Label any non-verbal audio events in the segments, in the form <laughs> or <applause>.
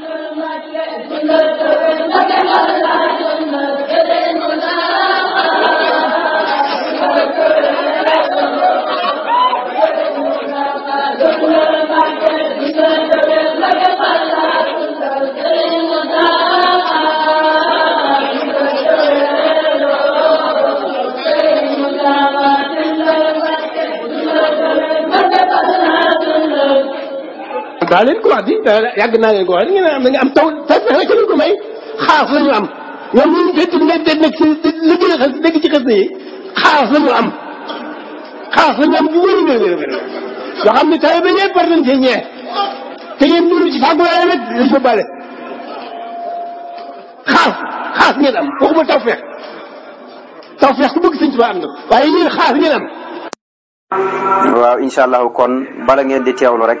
Sünnet, sünnet, sünnet, sünnet, sünnet, sünnet, daa leen ko wax di yàgg naa leen ko wax ngeen am da nga am taw taw ko may xaas la ñu am ñoom ñun fekk nekk ci xas na yi xaas la ñu am xaas la ñu am bu wér wér wér wér yoo ne taw bi ñëpp war nañ cee te ngeen dund ci fàggu waaye nag dañ ko bale xaas xaas ngeen am waxuma taw feex taw ku bëgg sëñ Tuubaa am na waaye ñun xaas ngeen am waaw incha allahu kon bala ngeen di teewlu rek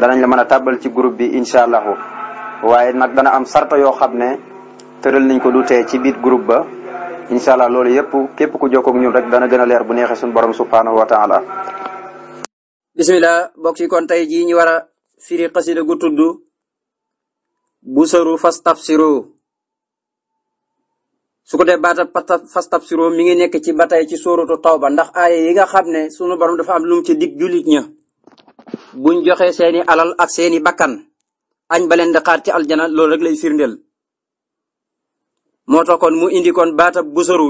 danañ la mën a tàbbal ci groupe bi incha allahu waaye nag dana am sarta yoo xam ne tëral nañ ko du tee ci biir groupe ba incha allah loolu yëpp képp ku jokkoog ñun rek dana gën a leer bu neexee suñu borom subhaanahu wa taala bisimilah bokk ci kon tey jii ñu war a firi xasida gu tudd busaru fastafsiru su ko dee baata fastafsiru mi ngi nekk ci ba tey ci taw ba ndax aaya yi nga xam ne sunu borom dafa am lu ci dig jullit ña buñ joxe seeni alal ak seeni bakkan añ ba leen di ci aljana lool rek lay firndeel. moo tax kon mu indi kon baatab busuru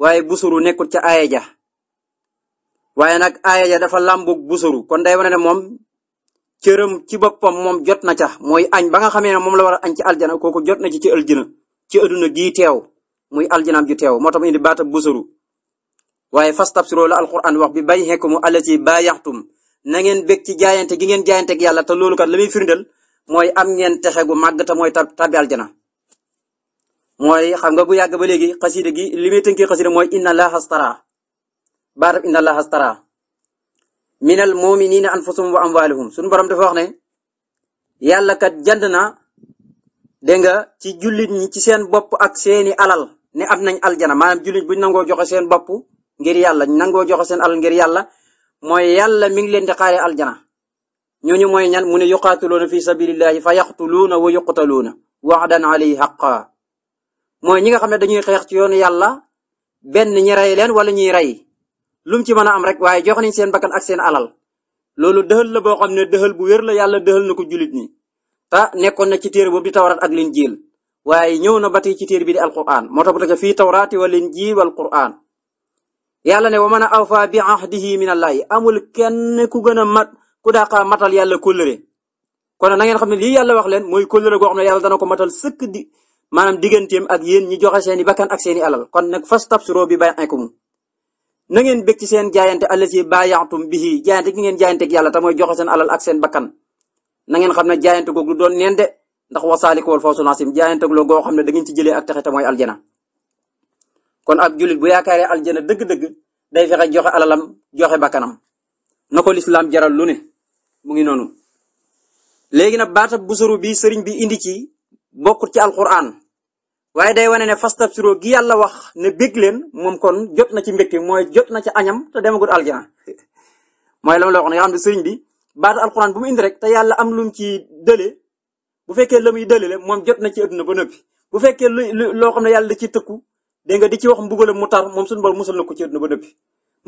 waaye busuru nekkul ca aaya ja waaye nag aaya dafa làmbug busuru kon day wane ne moom cëram ci boppam moom jot na ca mooy añ ba nga xamee ne moom la war a añ ci aljana kooku jot na ci ci aljana ci adduna gi teew muy aljanaam ju teew moo tax mu indi baatab busuru waaye fastabsiroo la alquran wax bi bayhikum allati baayaxtum na ngeen bég ci jaayante gi ngeen jaayante ak yàlla te loolu kat la muy firndeel mooy am ngeen texe gu màgg te mooy tabbi aljana mooy xam nga bu yàgg ba léegi xasida gi li muy tënkee xasida mooy inna allaha astara baatab inna allaha astara minal muminina anfusahum wa amwaalihum suñu borom dafa wax ne yàlla kat jënd na dégg nga ci jullit ñi ci seen bopp ak seeni alal ne am nañ aljana maanaam jullit buñ nangoo joxe seen bopp ngir yàlla nangoo joxe seen alal ngir yàlla mooy yàlla mi ngi leen di xaare aljana ñooñu mooy ñan mu ne yuqaatiluuna fi sabilillahi fa yaqtuluuna wa yuqtaluuna waxdan alayhi xaqa mooy ñi nga xam ne dañuy xeex ci yoon yàlla benn ñi rey leen wala ñuy rey lum ci mën a am rek waaye jox nañ seen bakkan ak seen alal loolu dëxal la boo xam ne dëxal bu wér la yàlla dëxal na ko julit ñi ta nekkoon na ci téere boobu di tawraat ak linjiil waaye ñëw na ba tey ci téere bi di alquran moo tax bu tege fii tawraati wa linjiil wal quran yàlla ne wa man awfa bi ahdihi min allahi amul kenn ku gën a mat ku daaqa matal yàlla kóllëre kon na ngeen xam ne lii yàlla wax leen mooy kóllëre goo xam ne yàlla dana ko matal sëkk di maanaam digganteem ak yéen ñi joxe seeni bakkan ak seeni alal kon nag fastabsiroo bi bay'ikum na ngeen bég ci seen jaayante allati baayaxtum bihi jaayante gi ngeen jaayanteeg yàlla te mooy joxe seen alal ak seen bakkan na ngeen xam ne jaayante googu du doon neen de ndax wasaalik wal fawsul asim ngeen ci jëlee ak texe te mooy kon ab julit bu yaakaaree aljana dëgg-dëgg day fexe joxe alalam joxe bakkanam na ko jaral lu ne mu ngi noonu léegi nag baatab busuru bi sëriñ bi indi ci bokkut ci alquran waaye day wane ne suro gi yàlla wax ne bég leen moom kon jot na ci mbégte mooy jot na ci añam te demagul aljana mooy lam la wax ne nga xam sëriñ bi baatu alquran bu indi rek te yàlla am lum ci dële bu fekkee la muy dële le moom jot na ci adduna ba noppi bu fekkee lu loo xam ne yàlla da ci tëkku dégg nga di ci wax mbugalam mu tar moom suñu borom musal na ko ci àdduna ba noppi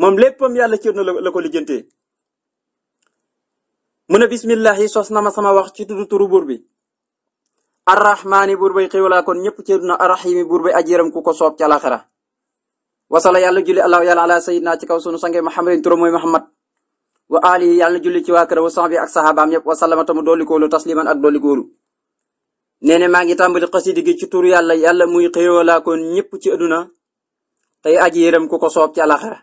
moom léppam yàlla ci na la ko lijjantee mu ne bismillahi sos na ma sama wax ci tuddu turu buur bi arrahmaani buur bay xiwalaa kon ñëpp ci àdduna arrahimi buur bay ajiram ku ko soob ci alaxira wasala yàlla julli allah yàlla ala sayidna ci kaw sunu sange muhammadin turam mooy muhammad wa ali yàlla julli ci waa këram wa sahbi ak sahabaam yëpp wasalama tamu dolli koolu tasliman ak dolli nee maa ngi tàmbali xasida gi ci tur yàlla yàlla muy xéewalaa koon ñëpp ci àdduna tey aji yërëm ku ko soob ci alaxira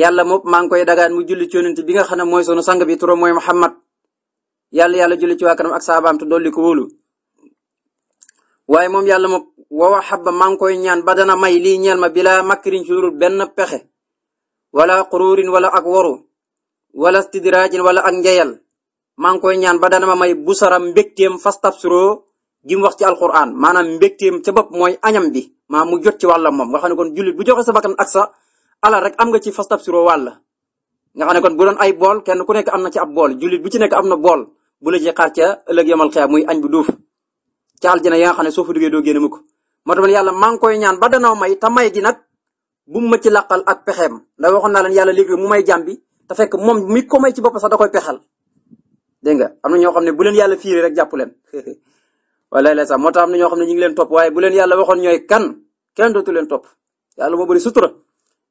yàlla moom maa ngi koy dagaan mu julli ci yonent bi nga xam ne mooy sunu sang bi turam mooy Muhammad yàlla yàlla julli ci waa ak saabaam te dolli ko wóolu waaye moom yàlla moom wawa xabba maa ngi koy ñaan ba dana may lii ñeel ma bilaa makkirin ci dul benn pexe wala xuruurin wala ak woru wala stidraajin wala ak njeyal maa ngi koy ñaan ba dana ma may busaram mbégteem fastabsiroo gi mu wax ci alquran maanaam mbégteem ca bopp mooy añam bi maa mu jot ci wàllam moom nga xam ne kon jullit bu joxe sa bakkan ak sa alal rek am nga ci fastabsiroo wàll nga xam ne kon bu ay bool kenn ku nekk am na ci ab bool jullit bu ci nekk am na bool bu la ci xaar muy añ bu duuf ca aljana ya nga xam ne soo fa duggee doo génn mukk moo tax yàlla maa ngi koy ñaan ba danoo may te may gi nag bu ma ci laqal ak pexeem ndax waxoon naa leen yàlla léegi mu may jàmm bi fekk moom mi ko may ci bopp sax da koy pexal am na ñoo xam ne bu leen yàlla fiiri rek jàpp leen <laughs> wala la sax moo tax ñoo xam ne ñu ngi leen topp waaye bu leen yàlla waxoon ñooy kan kenn dootu leen topp yàlla moo bëri sutura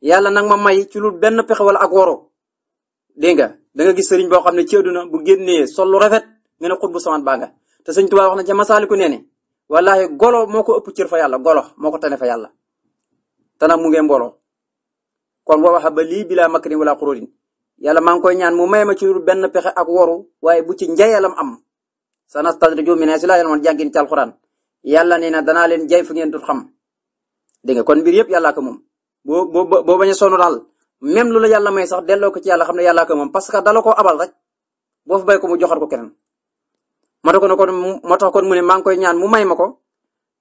yàlla nag ma may ci lu benn pexe wala ak woro dégg nga da nga gis sëriñ boo xam ne ci àdduna bu génnee sol lu rafet nga ne xut bu samaan baa nga te sëñ Tuubaa wax na ca masaaliku nee ne wallahi golo moo ko ëpp cër fa yàlla golo moo ko tane fa yàlla te nag mu ngee mbooloo kon boo waxa ba lii bilaa makrin wala xuróodin yalla maa ngi koy ñaan mu may ma ci lu benn pexe ak woru waaye bu ci njayalam am sa na sanastadrijuhum min haysu laa ya'lamuun jàngin ci alxuraan yàlla nee na danaa leen jay fu ngeen dut xam dégg nga kon mbir yëpp yàllaa ko moom boo boo boo bañ a sonn daal même lu la yàlla may sax delloo ko ci yàlla xam ne yàllaa ko moom parce que dala koo abal rek boo fa bay ko mu joxar ko keneen moo tax kon moo tax kon mu ne maa ngi koy ñaan mu may ma ko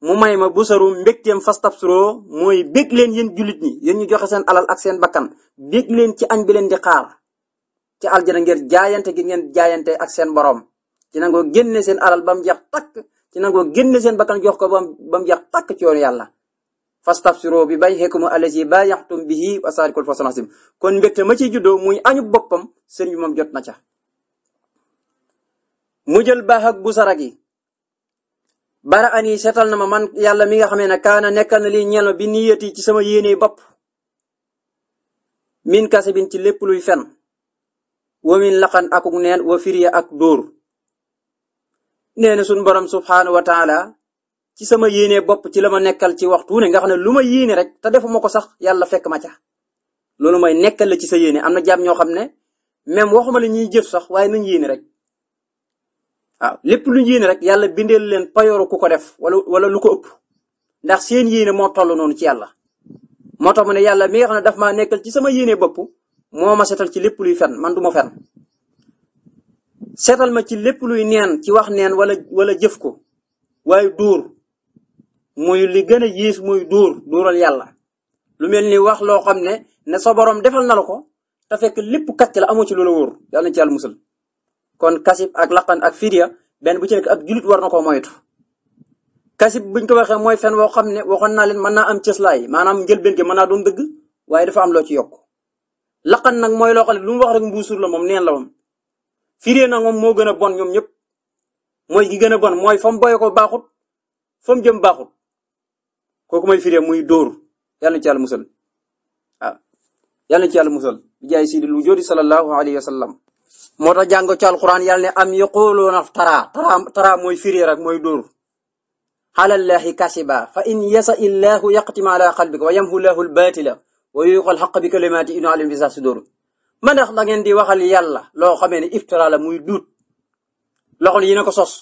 mu may ma bu saru mbégteem fastabsiroo mooy bég leen yéen jullit ñi yéen ñu joxe seen alal ak seen bakkan bég leen ci añ bi leen di xaar ci aljana ngeen jaayante gi ngeen jaayante ak seen borom ci nangoo génne seen alal ba mu jeex takk ci nangoo seen bakkan jox ko ba mu jeex takk ci yoonu yàlla fastabsiroo bi bay'ikum allazi baayaxtum bihi wa saariqul fasl azim kon mbégte ma ciy juddoo muy añu boppam sëriñ bi jot na ca mu jël baax ak bu sara gi bara ani seetal na ma man yàlla mi nga xamee ne kaana nekkal na lii ñeel ma bi niyati ci sama yéene bopp min kasabin ci lépp luy fen wa min laqan akuk neen wa firiya ak dóor nee na suñu borom subxanahu wa taala ci sama yéene bopp ci la ma nekkal ci waxtu ne nga xam ne lu ma yéene rek te defuma ko sax yàlla fekk ma ca loolu may nekkal la ci sa yéene am na jaam ñoo xam ne même waxuma la ñuy jëf sax waaye nañ yéene rek waaw lépp luñ yéene rek yàlla bindeel leen payooru ku ko def wala wala lu ko ëpp ndax seen yéene moo toll noonu ci yàlla. moo tax mu ne yàlla mi nga xam ne daf maa nekkal ci sama yéene bopp moo ma setal ci lépp luy fen man du ma fen seetal ma ci lépp luy neen ci wax neen wala wala jëf ko waaye duur muy li gën a yiis muy duur duural yàlla lu mel ni wax loo xam ne ne sa borom defal na la ko te lépp kàcc la amoo ci loola wóor yàlla na ci yàlla musal kon kasib ak laqan ak firia benn bu ci nekk ab julit war na koo moytu. kasib buñ ko waxee mooy fen woo xam ne waxoon naa leen mën na am cëslaay maanaam njëlbeen gi mën naa doon dëgg waaye dafa am loo ci yokk laqan nag mooy loo xam ne lu wax rek mbuusur la moom neen la moom firee na moom moo gën a bon ñoom ñëpp mooy gi gën a bon mooy fa mu boye ko baaxut fa mu jëm baaxut kooku mooy firee muy dóor yàlla na ci yàlla musal waaw na ci yàlla jaay sidi lu jóodi sallallahu alayhi wa sallam moo tax jàng ci alquran yàlla ne am yaquluuna tara tara tara mooy firee rek mooy dóor alallahi kasiba fa in yasa illahu la ala qalbika wa yamhu lahu albatila wa yuqal xaq bi kalimaati inu alim bisa si dóoru ma ndax da ngeen di waxal yàlla loo xamee ne iftira la muy duut loxol yi na ko sos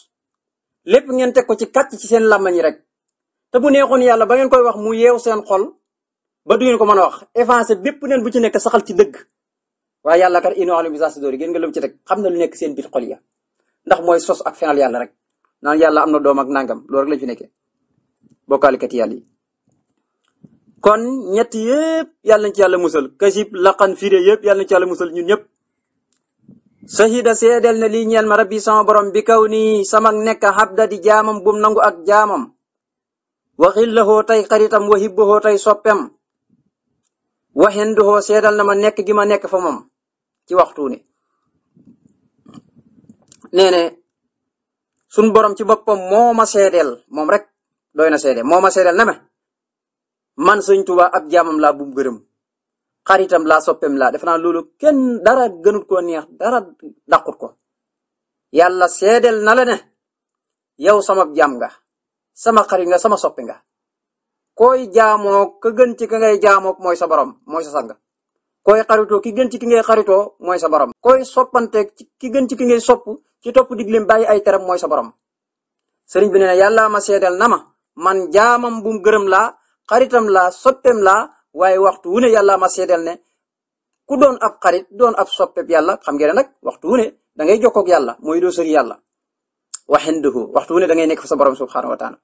lépp ngeen teg ko ci kàcc ci seen làmmañ yi rek te bu neexoon yàlla ba ngeen koy wax mu yeew seen xol ba du ngeen ko mën a wax evance bépp neen bu ci nekk saxal ci dëgg waaye yàlla kat ino alim bisasi dóor yi gën nga lëm ci rek xam na lu nekk seen bit xol ya ndax mooy sos ak fenal yàlla rek naan yàlla am na doom ak nangam loolu rek lañ fi nekkee bokkaalikat yàlla yi kon ñett yëpp yàlla nañ ci musal kasib laqan firé yëpp yàlla nañ ci musal ñun ñëpp sahida seedel na lii ñeel ma sama borom bi kaw nii sama nekk xabda di jaamam bum nangu ak jaamam waxil laxoo tey xaritam wa hibbaxoo tey soppem waxenduxoo seedal na ma nekk gi ma nekk fa moom ci waxtu ne nee ne sun borom ci boppam moo ma seedeel moom rek doy na seedeel moo ma seedeel na ma man sëñ Tuubaa ak jaamam laa bu gërëm xaritam laa soppeem laa defe naa loolu kenn dara gënut ko neex dara dàqut ko yàlla seedel na la ne yow sama jaam nga sama xarit nga sama soppi nga koy jaamoo ka gën ci ka ngay jaamoo mooy sa borom mooy sa sang koy xaritoo ki gën ci ki ngay xaritoo mooy sa borom koy soppanteeg ki gën ci ki ngay sopp ci topp digleem bàyyi ay teram mooy sa borom sëriñ bi ne seedel na man jaamam bum gërëm laa xaritam laa soppeem laa waaye waxtu wu ne yàlla ma seedeel ne ku doon ab xarit doon ab soppeeb yàlla xam ngeen nag waxtu wu ne da ngay jokkoog yàlla mooy doo sori yàlla waxinduhu waxtu wu ne da ngay nekk fa sa borom subxanahu wa taala.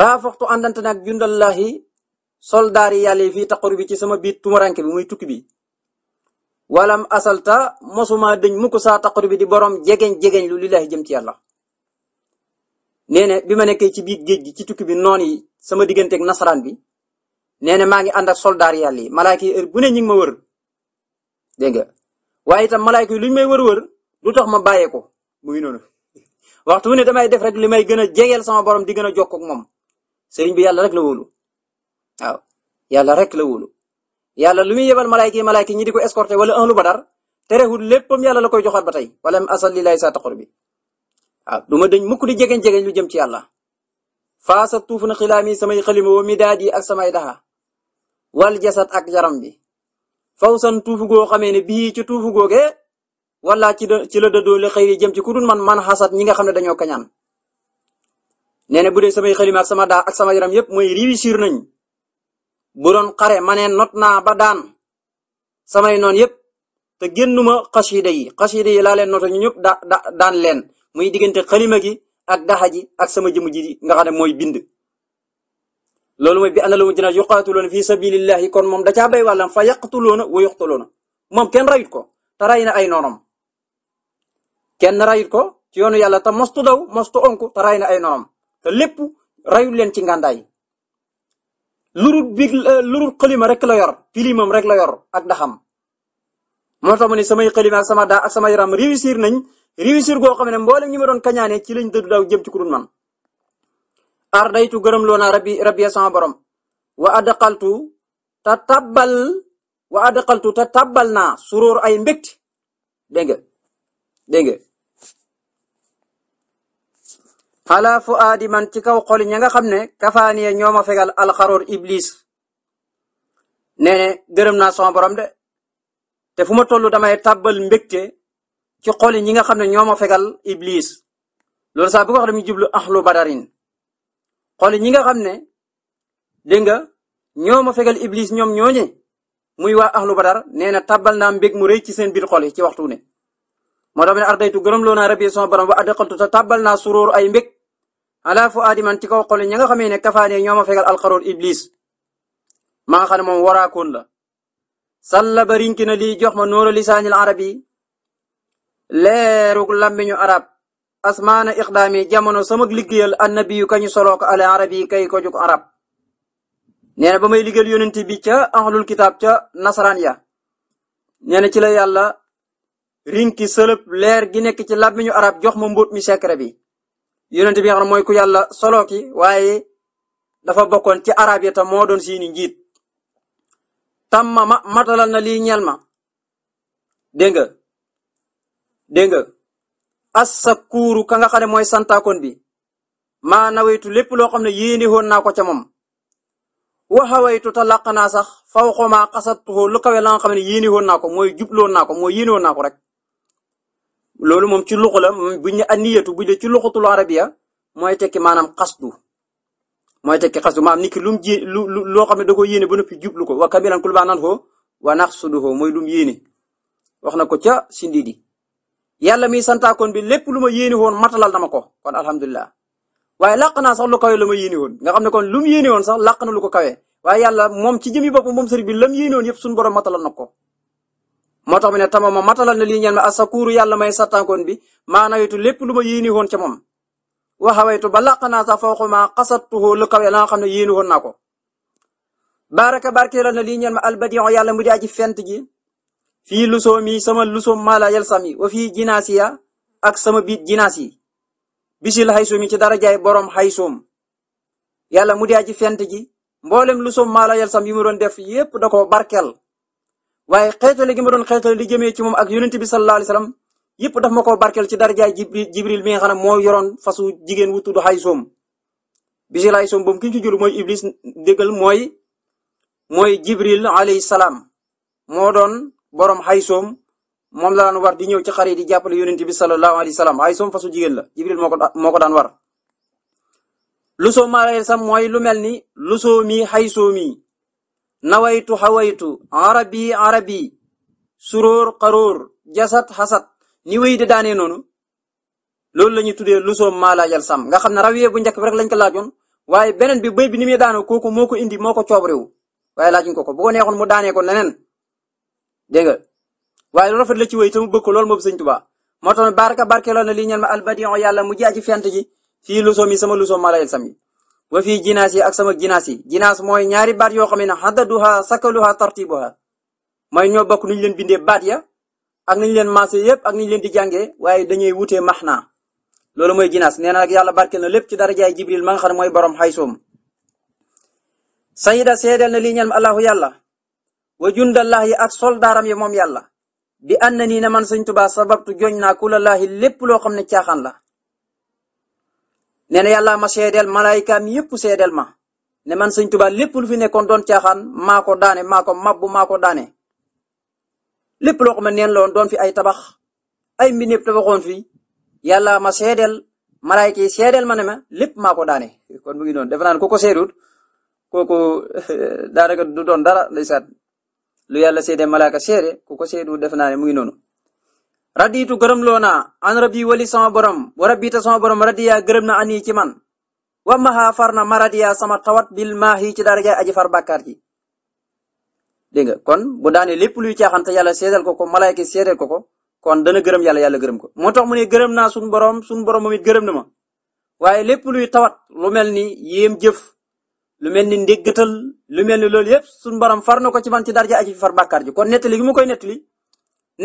raafaxtu àndante nag jundallahi soldaar yi yàlla fii taqur bi ci sama biir tumuranke bi muy tukki bi. walam asalta mosuma dëñ mukk saa taqur bi di borom jegeñ jegeñ lu lillahi jëm ci yàlla. nee na bi ma nekkee ci biir géej gi ci tukki bi noon yi sama digganteeg nasaraan bi nee na maa ngi ànd ak soldaar yàlla yi malaayka bu ne ñu ngi ma wër dégg nga waaye itam malaayka yi lu ñu may wër-wër du tax ma bàyyee ko mu ngi <laughs> waxtu wu ne damay def rek li may gën a jegeel sama borom di gën a jokkoo moom sëriñ bi yàlla rek la wóolu waaw yàlla rek la wóolu yàlla lu muy yebal malaayka yi malaayka yi ñi di ko escorté wala un lu badar terewul léppam yàlla la koy joxaat ba tey wala am asal lillahi saa taqur bi waaw du ma dañ mukk di jegen jegeñ lu jëm ci yàlla faasa tuuf na xilaami samay xalima wa midaad yi ak samay daxa wal jasad ak yaram bi faw san tuufu goo xamee ne bii ci tuufu googee wala ci ci la dëddoo li xëyri jëm ci ku dul man man xasat ñi nga xam ne dañoo kañaan nee na bu dee samay xalima ak sama daa ak sama yaram yépp mooy réussir nañ bu doon xare not naa ba daan samay noon yépp te génnuma xasida yi xasida yi laa leen notal ñu ñëpp da leen muy diggante xalima gi ak daxa ji ak sama jëmu ji nga xam ne mooy bind loolu mooy bi ana lahumul jinaan yuqaatiluuna fi sabilillahi kon moom da caa bay wàllam fa yaqtuluuna wa yuqtaluuna moom kenn rayut ko te ray na ay noonam kenn rayut ko ci yoonu yàlla ta mostu daw mostu onku te ray na ay noonam te lépp rayul leen ci ngàndaay lurut bi lurut xalima rek la yor filimam rek la yor ak daxam moo tax samay xalima ak sama daa ak sama yaram réussir nañ réussir goo xam ne mboolem ñi ma doon kañaane ci lañ dëddu daw jëm ci ku dul man ardaytu gërëm loo naa rabbi rabbi sama borom wa adaqaltu ta tabbal wa adaqaltu ta tabbal naa suróor ay mbégte dégg nga dégg fu aadi man ci kaw xol ña nga xam ne kafaaniya ñoo ma fegal alxaroor iblis nee gërëm naa sama borom de te fu ma toll damay tabbal mbégte ci xol yi ñi nga xam ne ñoo ma fegal iblis loolu sax bu wax wax dama jublu ahlu badarin xol yi ñi nga xam ne dégg nga ñoo ma fegal iblis ñoom ñooñe muy waa ahlu badar nee na tabbal naa mbég mu rëy ci seen biir xol yi ci waxtu ne moo tax ne ardaytu gërëm loo naa rabbi sama borom wa adaqaltu te tabbal naa suróor ay mbég ala fu aadiman ci kaw xol yi ñi nga xamee ne kafaanee ñoo ma fegal alxaroor iblis maa nga xam ne moom waraakoon la salla barinki na lii jox ma noora lisaanil arabi leerug làmmiñu arab asmaana iqdaami jamono samag liggéeyal annabiyu kañu soloo ko al arabi kay ko arab nee na ba may liggéeyal yonent bi ca ahlul kitaab ca nasaraan ya nee ci la yàlla rinki sëlëb leer gi nekk ci làmmiñu arab jox ma mbóot mi secret bi yonent bi nga xam mooy ku yàlla soloo ki waaye dafa bokkoon ci arab ya tam moo doon seeni njiit tàmmama matalal na lii ñel ma dégg dégg nga assakuuru ka nga xam ne mooy santaakoon bi maa nawetu lépp loo xam ne yéene woon naa ko ca moom waxawaytu te làq naa sax faw xoomaa xasattuhu lu kawe la nga ne yéene woon naa ko mooy jubloon naa ko mooy yéene woon naa ko rek loolu moom ci luxu la buñ ne aniyatu buñ ne ci luxatul arabiya mooy tekki maanaam xasdu mooy tekki xasdu maanaam nit ki lu mu ji lu loo xam ne da ko yéene ba noppi jublu ko wa kamilan kulbanan ho wa naqsuduhu mooy lu mu yéene wax na ko ca sindidi yàlla miy santaakoon bi lépp lu ma yéene woon matalal na ma ko kon alhamdulilah waaye làq naa sax lu kawe lu ma yéene woon nga xam ne kon lu mu yéene woon sax làq na lu ko kawe waaye yàlla moom ci jëmi boppam moom sëriñ bi lam yéene woon yëpp suñu borom matalal na ko. moo tax mu ne tama ma matalal na lii ñeen ma asakuru yàlla may santaakoon bi maa nawetu lépp lu ma yéene woon ca moom waxawaytu ba làq naa sax fooxu maa xasattuhu lu kawe la nga xam ne yéene woon na ko. baraka barkeelal na lii yàlla mu di aji fent ji fii lusoomi sama lusoom maala yal sami wa fii jinaasiya ak sama biit jinaas yi bisil xaysoomi ci dara jaay borom xaysoom yàlla mu dee ci fent ji mboolem lusoom maala yal sam yi mu doon def yépp da koo barkeel waaye xeetale gi ma doon xeetale li jëmee ci moom ak yonent bi sallallahu alayhi wasallam yëpp daf ma koo barkeel ci darajaay jibril jibril mi nga xam ne moo yoroon fasu jigéen wu tudd xaysoom bisil xaysoom boobu ki ñu ci jur mooy iblis déggal mooy mooy jibril alayhi salaam moo doon borom xaysoom moom la daan war di ñëw ci xar yi di jàppale yonent bi sallallahu alayhi wa sallam xaysoom fasu jigéen la jibril moo ko moo ko daan war lusoo maareel sam mooy lu mel ni lu lusoo mi xaysoo mi nawaytu xawaytu arabi arabi suróor xaróor jasat xasat ni wéy di daanee noonu loolu la ñuy tuddee lusoo maalaajal sam nga xam ne rawiyee bu njëkk bi rek lañ ko laajoon waaye beneen bi béy bi ni muy daanoo kooku moo ko indi moo ko coob réew waaye laajuñ ko ko bu neexoon mu daanee ko leneen dégg nga waaye lu rafet la ci wéy te mu bëgg ko loolu moom sëñ Tuubaa moo tax baraka barkeeloon na lii ma albadion yàlla mu jaaji fent ji fii lusoom yi sama lusoom mala el sami wa fii jinaas yi ak sama jinaas yi jinaas mooy ñaari baat yoo xam ne xaddaduha sakaluha tartibuha mooy ñoo bokk nuñ leen bindee baat ya ak nañ leen maasee yëpp ak niñ leen di jàngee waaye dañuy wutee maxnaa loolu mooy jinaas nee na nag yàlla barkeel na lépp ci darajaay jibril ma nga xam ne mooy borom xaysoom sayida wa jundallah yi ak soldaaram yi moom yàlla bi ànd na nii ne man sëñ Tuubaa sababtu joñ naa kulallaahi lépp loo xam ne caaxaan la nee na yàlla ma seedeel malaayikaam yépp seedeel ma ne man sëñ Tuubaa lépp lu fi nekkoon doon caaxaan maa daane maa ko mabbu maa daane lépp loo ma ne neen loon doon fi ay tabax ay mbindeef tabaxoon fi yàlla ma seedeel malaayika yi seedeel ma ne ma lépp maako daane kon mu ngi noonu defe naa ne ko seedut kooku <laughs> daanaka du doon dara ndeysaan lu yàlla seede malaaka seere ku ko seedu def naa ne mu ngi noonu radiitu gërëm loo naa an rabbi wali sama borom wa rabbita sama borom radiya gërëm na ani ci man wa maha far na ma radiya sama tawat bil maahi ci daraja aji far bàkkaar ji dégg nga kon bu daane lépp luy caaxaan te yàlla seedal ko ko malaayka seedal ko ko kon dana gërëm yàlla yàlla gërëm ko moo tax mu ne gërëm naa suñu borom suñu borom moom it gërëm na ma waaye lépp luy tawat lu mel ni yéem jëf lu mel ni ndéggatal lu mel ni loolu yëpp suñu borom far na ko ci man ci darja aji far bàkkaar ji kon nettali gi mu koy nettali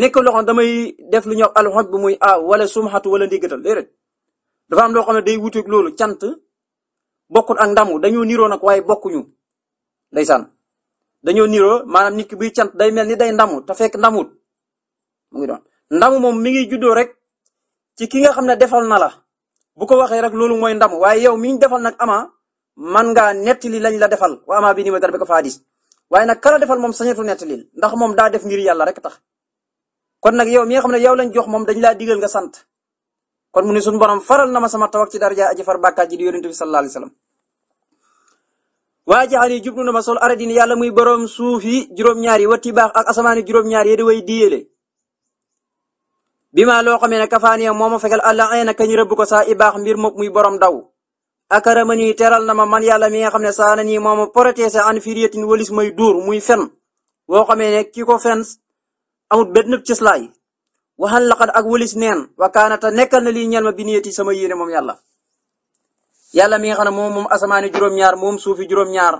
nekk loo damay def lu ñuy wax bu muy a wala sumxatu wala ndéggatal déedéet dafa am loo xam ne day wuteeg loolu cant bokkul ak ndamu dañoo niroo nag waaye bokkuñu ndeysaan dañoo niroo maanaam nit ki buy cant day mel ni day ndamu ta fekk ndamut mu ngi doon ndamu moom mi ngi juddoo rek ci ki nga xam ne defal na la bu ko waxee rek loolu mooy ndamu waaye yow mi ñu nag ama man ngaa nettali lañ la defal wa ama bi ni ma dara bi ko fa hadis waaye nag kala defal moom sañatu nettali ndax moom daa def ngir yàlla rek tax kon nag yow mi nga xam ne yow lañ jox moom dañ laa digal nga sant kon mu ne suñu borom faral na ma sama tawak ci daraja aji far bàkkaat ji di yonent bi sallallahu alayhi wa sallam waa na ma sol aradin yàlla muy borom suuf yi juróom-ñaar yi baax ak asamaan yi juróom-ñaar yi da way diyeele bi ma loo xamee ne kafaaniya moo ma fegal àlla ayna kañu rëbb ko saa baax mbir moom muy borom daw akarama nii teral na ma man yàlla mi nga xam ne saana nii moom a protégé an firiyatin walis may dóor muy fen woo xamee ne ki ko fen amut benn cëslaay waxal laqad ak walis neen wakaanata nekkal na lii ñel ma bi niyati sama yéene moom yàlla yàlla mi nga xam ne moom moom asamaani juróom-ñaar moom suufi juróom-ñaar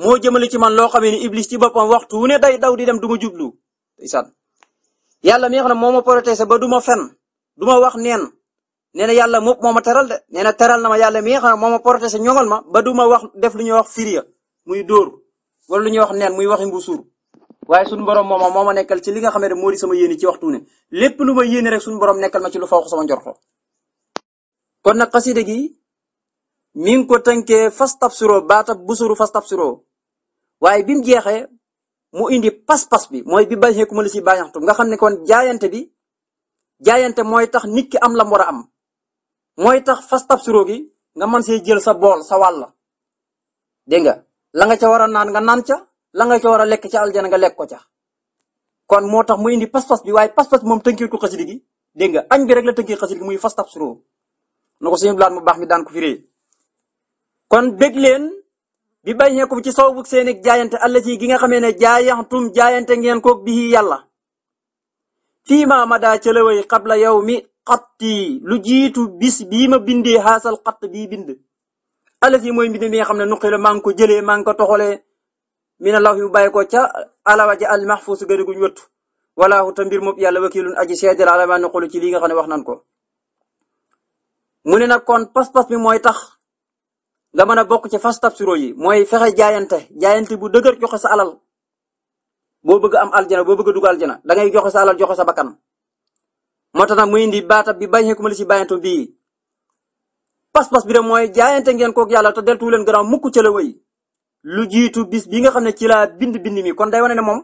moo jëmale ci man loo xamee ni iblis ci boppam waxtu ne day daw di dem du ma jublu yàlla mi nga xam ne ba du fen du wax neen nee yàlla moom moo ma teral de nee teral na ma yàlla mi nga xam ne moo ma protégé ñoŋal ma ba du ma wax def lu ñuy wax firiya muy door wala lu ñuy wax neen muy waxi mbusuur waaye suñu borom moom moo ma nekkal ci li nga xam ne moo di sama yéene ci waxtu ne lépp lu ma yéene rek suñu borom nekkal ma ci lu fawx sama njorto kon nag xasida gi mi ngi ko tënkee fas tabsiroo baatab busuru fas tabsiroo waaye bi mu jeexee mu indi pas-pas bi mooy bi bañ xeeku ma la si baaxantu nga xam ne kon jaayante bi jaayante mooy tax nit ki am la mu war a am mooy tax fas tabsiroo gi nga mën see jël sa bool sa wàll dégg nga la nga ca war a naan nga naan ca la nga ca war a lekk ca aljana nga lekk ko ca kon moo tax mu indi pas-pas bi waaye pas-pas moom tënkiwut ko xasida gi dégg nga añ bi rek la tënkee xasida muy fas tabsiroo na ko suñu blaat mu baax mi daan ko firee kon bég leen bi bàyyi ko ci saw bu seen jaayante àll ci gi nga xamee ne jaayantum jaayante ngeen koog bii yàlla. fii ma daa cëlaway qabla yow mi xatti lu jiitu bis bii ma bindee xaasal xatt bii bind alaf yi mooy mbind mi nga xam ne nuqi la maa ngi ko jëlee maa ngi ko toxalee mi ne law yu bàyyi ko ca alawa ji al mahfuus gën guñ wëttu walaahu te mbir moom yàlla wakilun aji seedal ala ma nuqulu ci lii nga xam ne wax nan ko mu ne na kon pas-pas bi mooy tax nga mën a bokk ci fas tabsiro yi mooy fexe jaayante jaayante bu dëgër joxe sa alal boo bëgg am aljana boo bëgg dugg aljana da ngay joxe sa alal joxe sa bakkan moo tax mu muy indi baatab bi bañ xekkuma li si bàyyantu bii pas-pas bi de mooy jaayante ngeen kook yàlla te deltuwu leen gannaaw mukk ca la lu jiitu bis bi nga xam ne ci laa bind bind mi kon day wane ne moom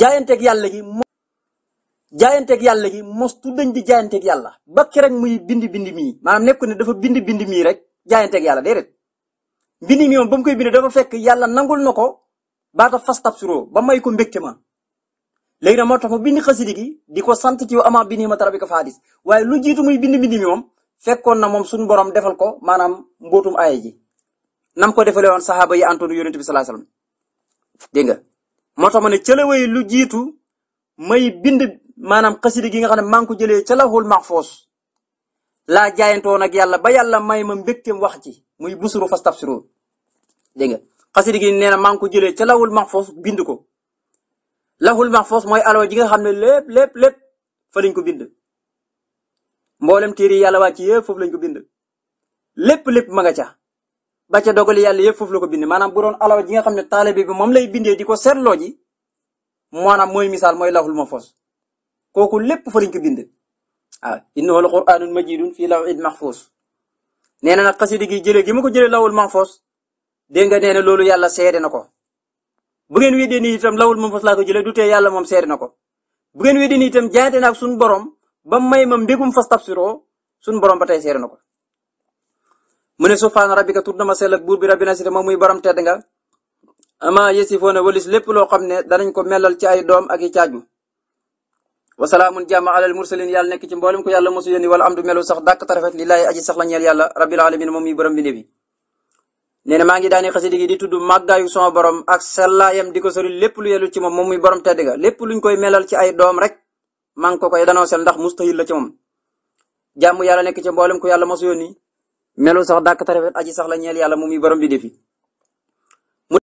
jaayanteeg yàlla gi mos jaayanteeg yàlla gi mostu dañ di jaayanteeg yàlla ba keroog muy bind bind mi maanaam nekku ne dafa bind bind mii rek jaayanteeg yàlla déedéet bind mi moom ba mu koy bind dafa fekk yàlla nangul na ko baata fas tabsiroo ba may ko mbégte ma léegi nag moo tax mu bind xasidi di ko sant ci ama bi nii ma tara bi ko fa hadis waaye lu jiitu muy bind bind mi moom fekkoon na moom suñu borom defal ko maanaam mbootum aaya ji nam ko defalee woon saxaaba yi antoon yonent bi sallallahu alayhi wasallam nga moo tax ma ne cëla lu jiitu may bind maanaam xasidi gi nga xam ne maa ngi ko jëlee ca lawhul mahfuus laa jaayantoon ak yàlla ba yàlla may ma mbégteem wax ci muy busuru fastabsiru dégg nga xasidi gi nee na maa ngi ko jëlee ca lawhul mahfuus bind ko laxul lawhul mahfuus mooy alawa ji nga xam ne lépp lépp lépp fa lañ ko bind mboolem téere yi yàlla wàcc yëpp foofu lañ ko bind lépp lépp ma nga ca ba ca dogali yàlla yëpp foofu la ko bind maanaam bu doon alawa ji nga xam ne taalibe bi moom lay bindee di ko seetloo ji maanaam mooy misaal mooy lawhul mahfuus kooku lépp fa lañ ko bind waaw ah, innahu la quraanun majiidun fii lawhin mahfuus nee na nag xasida gi jëlee gi ma ko jëlee lawhul mahfuus dégg nga nee loolu yàlla seede na ko bu ngeen weddee nii itam lawul moom fas laa ko jëlee du tee yàlla moom seeri na ko bu ngeen weddee nii itam jaayante na ak suñu borom ba may ma mbégum fas tabsiroo suñu borom ba tey seeri na ko. mu ne subhaana rabbika tur dama sell ak buur bi rabbina sita moom muy borom tedd nga ama yasifoona walis lépp loo xam ne danañ ko melal ci ay doom ak i caaju. wasalaamun jàmm alal mursalin yàlla nekk ci mboolem ko yàlla mosu yónni wala am du melu sax dàkk borom bi nee na maa ngi daani xasida gi di tudd màggaayu sama borom ak sellaayam di ko sori lépp lu yellu ci moom moom muy borom tedd ga lépp luñ koy melal ci ay doom rek maa ngi ko koy danoosel ndax mustahil la ci moom jàmm yàlla nekk ca mboolem ku yàlla mosu yónni melu sax dàkk tarafet aji sax la ñeel yàlla moom muy borom bi defi